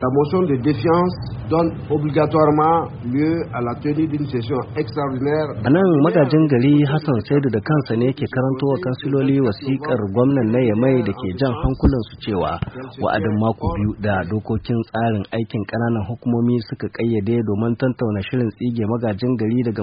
La motion de défiance donne obligatoirement lieu à la tenue d'une session extraordinaire. A nan magajin gari Hassan Saidu da kansa ne ke karanto wa kansiloli wasikar gwamnan na Yamai da ke jan hankulan su cewa wa'adin mako biyu da dokokin tsarin aikin ƙananan hukumomi suka kayyade domin tantauna shirin tsige magajin gari daga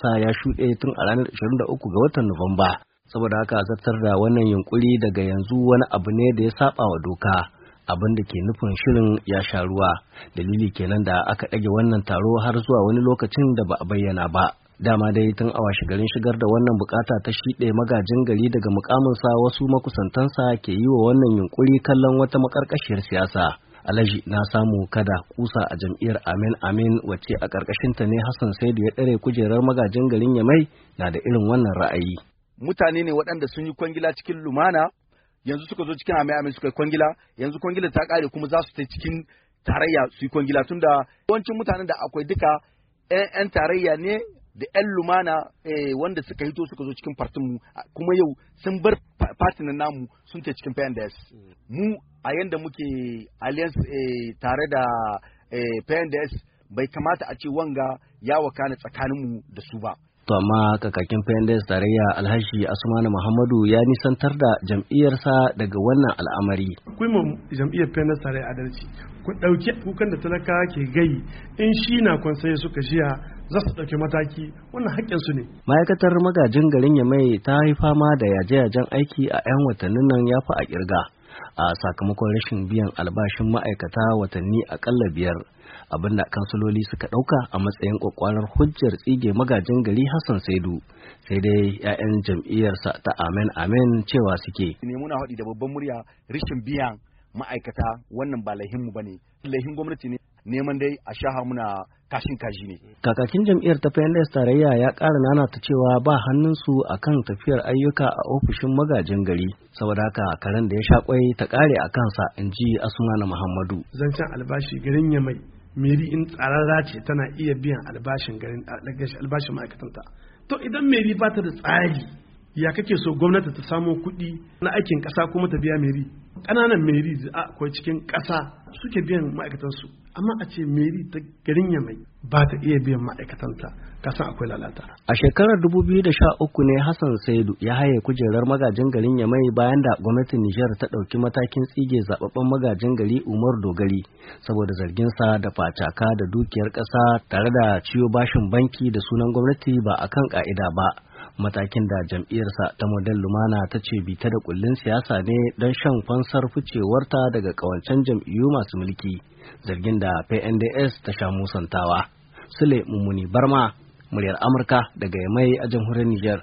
sa ya shuɗe tun a ranar 23 ga watan Nuwamba. Saboda haka zartar da wannan yunkuri daga yanzu wani abu ne da ya saba wa doka. abin da ke nufin shirin ya sha ruwa dalili kenan da aka ɗage wannan taro har zuwa wani lokacin da ba a bayyana ba dama dai tun awa shigarin shigar da wannan bukata ta shiɗe magajin gari daga mukaminsa wasu makusantansa ke yi wa wannan yunkuri kallon wata makarkashiyar siyasa alaji na samu kada kusa a jam'iyyar amin amin wacce a ƙarƙashinta ne hassan sai da ya ɗare kujerar magajin garin ya mai na da irin wannan ra'ayi mutane ne waɗanda sun yi kwangila cikin lumana yanzu suka zo cikin amai-amai suka kwangila yanzu kwangila ta kare kuma za su ta cikin tarayya su yi kwangila tun da yawancin mutanen da akwai duka 'yan tarayya ne da 'yan lumana eh, wanda suka hito suka zo cikin mu kuma yau sun bar partinan namu sun ta cikin PNDS. Mu a yanda muke alliance eh, tare da eh, PNDS bai kamata a ce wanga ya wakana tsakaninmu da su ba. To amma kakakin Fendes tarayya Alhashi Asmanu Muhammadu ya nisantar da jam'iyyarsa daga wannan al'amari. Kun mu jam'iyyar Fendes tarayya adalci. Ku ɗauki kukan da talaka ke gai in shi na kwansaye suka shiya za su ɗauki mataki wannan haƙƙin su ne. Ma'aikatar magajin garin Yamai ta yi fama da yaje-yajen aiki a 'yan watannin nan ya fi a kirga. A sakamakon rashin biyan albashin ma'aikata watanni akalla biyar. abinda kansuloli suka ɗauka a matsayin kwakwalar hujjar tsige magajin gari Hassan Saidu sai dai 'ya'yan jam'iyyarsa ta Amen Amen cewa suke. Ne muna haɗi da babban murya rishin biyan ma'aikata wannan ba laihinmu ba ne, laihin gwamnati ne neman dai a shaha muna kashin kashi ne. Kakakin jam'iyyar ta PNDS tarayya ya ƙara ta cewa ba hannunsu a kan tafiyar ayyuka a ofishin magajin gari, saboda haka karen da ya sha kwai ta ƙare a kansa in ji Asumana Muhammadu. Zancen albashi garin ya mai meri in tsararra ce tana iya biyan albashin garin ma'aikatanta to idan meri ba ta da tsari ya kake so gwamnati ta samu kuɗi na aikin ƙasa kuma ta biya meri ƙananan meri a akwai cikin ƙasa suke biyan ma'aikatansu amma a ce meri ta garin yamai ba ta iya biyan ma'aikatanta ƙasa akwai lalata a shekarar 2013 ne hassan saidu ya haye kujerar magajin garin yamai bayan da gwamnatin nijar ta ɗauki matakin tsige zababben magajin gari umar dogari saboda zarginsa da facaka da dukiyar ƙasa tare da ciwo bashin banki da sunan gwamnati ba akan ƙa'ida ba matakin da jam'iyyarsa ta model lumana ta ce bita da kullin siyasa ne don shan kwansar ficewarta daga kawancen jam'iyyu masu mulki zargin da pnds ta sha musantawa sule mummuni barma muryar amurka daga yamai a jamhuriyar niger